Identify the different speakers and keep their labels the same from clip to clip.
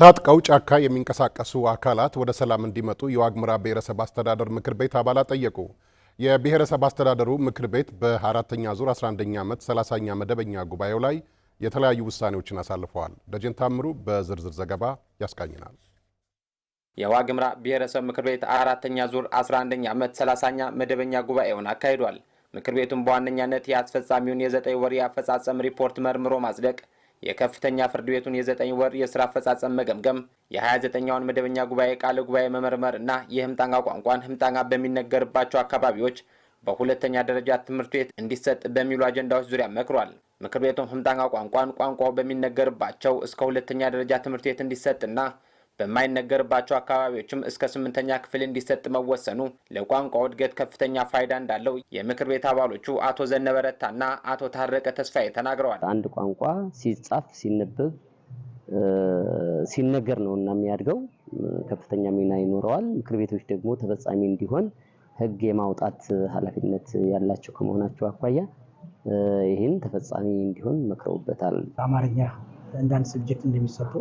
Speaker 1: ታጥቀው ጫካ የሚንቀሳቀሱ አካላት ወደ ሰላም እንዲመጡ የዋግምራ ብሔረሰብ አስተዳደር ምክር ቤት አባላት ጠየቁ። የብሔረሰብ አስተዳደሩ ምክር ቤት በአራተኛ ዙር 11ኛ ዓመት 30ኛ መደበኛ ጉባኤው ላይ የተለያዩ ውሳኔዎችን አሳልፈዋል። ደጀን ታምሩ በዝርዝር ዘገባ ያስቃኝናል።
Speaker 2: የዋግምራ ብሔረሰብ ምክር ቤት አራተኛ ዙር 11ኛ ዓመት 30ኛ መደበኛ ጉባኤውን አካሂዷል። ምክር ቤቱም በዋነኛነት የአስፈጻሚውን የዘጠኝ ወር የአፈጻጸም ሪፖርት መርምሮ ማጽደቅ የከፍተኛ ፍርድ ቤቱን የዘጠኝ ወር የስራ አፈጻጸም መገምገም የ29ኛውን መደበኛ ጉባኤ ቃለ ጉባኤ መመርመር እና የህምጣንጋ ቋንቋን ህምጣንጋ በሚነገርባቸው አካባቢዎች በሁለተኛ ደረጃ ትምህርት ቤት እንዲሰጥ በሚሉ አጀንዳዎች ዙሪያ መክሯል። ምክር ቤቱም ህምጣንጋ ቋንቋን ቋንቋው በሚነገርባቸው እስከ ሁለተኛ ደረጃ ትምህርት ቤት እንዲሰጥና በማይነገርባቸው አካባቢዎችም እስከ ስምንተኛ ክፍል እንዲሰጥ መወሰኑ ለቋንቋው እድገት ከፍተኛ ፋይዳ እንዳለው የምክር ቤት አባሎቹ አቶ ዘነበረታና አቶ ታረቀ ተስፋዬ ተናግረዋል።
Speaker 3: አንድ ቋንቋ ሲጻፍ፣ ሲነበብ፣ ሲነገር ነው እና የሚያድገው ከፍተኛ ሚና ይኖረዋል። ምክር ቤቶች ደግሞ ተፈጻሚ እንዲሆን ህግ የማውጣት ኃላፊነት ያላቸው ከመሆናቸው አኳያ ይህን ተፈጻሚ እንዲሆን መክረውበታል።
Speaker 4: በአማርኛ እንደ አንድ እንደሚሰጡ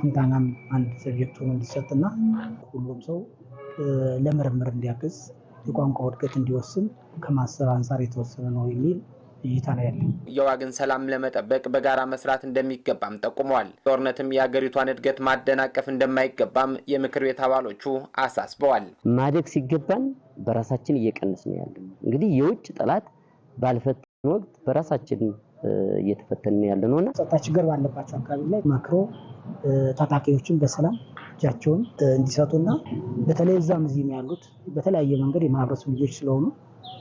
Speaker 4: አምታናም አንድ ሰብጀክት ሆኖ እንዲሰጥና ሁሉም ሰው ለምርምር እንዲያግዝ የቋንቋ እድገት እንዲወስን ከማሰብ አንጻር የተወሰነ ነው የሚል እይታ ነው ያለ።
Speaker 2: የዋግን ሰላም ለመጠበቅ በጋራ መስራት እንደሚገባም ጠቁመዋል። ጦርነትም የሀገሪቷን እድገት ማደናቀፍ እንደማይገባም የምክር ቤት አባሎቹ አሳስበዋል።
Speaker 3: ማደግ ሲገባን በራሳችን እየቀነስ ነው ያለ። እንግዲህ የውጭ ጠላት ባልፈት ወቅት በራሳችን እየተፈተንን ያለ ነው እና
Speaker 4: ጸጥታ ችግር ባለባቸው አካባቢ ላይ ማክሮ ታጣቂዎችን በሰላም እጃቸውን እንዲሰጡና በተለይ እዛም እዚህም ያሉት በተለያየ መንገድ የማህበረሰብ ልጆች ስለሆኑ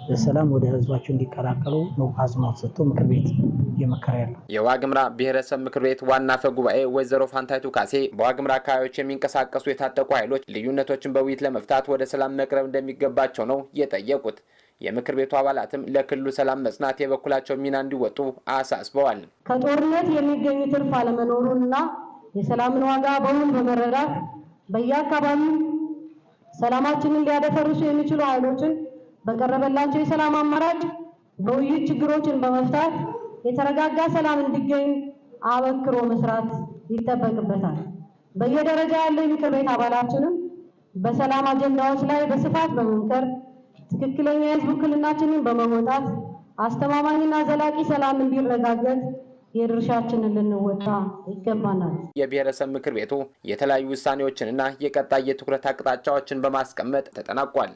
Speaker 4: በሰላም ወደ ህዝባቸው እንዲቀላቀሉ ነው አጽንኦት ሰጥቶ ምክር ቤት እየመከረ ያለው።
Speaker 2: የዋግምራ ብሔረሰብ ምክር ቤት ዋና አፈ ጉባኤ ወይዘሮ ፋንታይቱ ካሴ በዋግምራ አካባቢዎች የሚንቀሳቀሱ የታጠቁ ኃይሎች ልዩነቶችን በውይይት ለመፍታት ወደ ሰላም መቅረብ እንደሚገባቸው ነው የጠየቁት። የምክር ቤቱ አባላትም ለክልሉ ሰላም መጽናት የበኩላቸው ሚና እንዲወጡ አሳስበዋል።
Speaker 5: ከጦርነት የሚገኙ ትርፍ አለመኖሩንና የሰላምን ዋጋ በውል በመረዳት በየአካባቢው ሰላማችንን ሊያደፈርሱ የሚችሉ ኃይሎችን በቀረበላቸው የሰላም አማራጭ በውይይት ችግሮችን በመፍታት የተረጋጋ ሰላም እንዲገኝ አበክሮ መስራት ይጠበቅበታል። በየደረጃ ያለው የምክር ቤት አባላችንም በሰላም አጀንዳዎች ላይ በስፋት በመምከር ትክክለኛ የህዝብ ውክልናችንን በመወጣት አስተማማኝና ዘላቂ ሰላም እንዲረጋገጥ የድርሻችንን ልንወጣ ይገባናል።
Speaker 2: የብሔረሰብ ምክር ቤቱ የተለያዩ ውሳኔዎችንና የቀጣይ የትኩረት አቅጣጫዎችን በማስቀመጥ ተጠናቋል።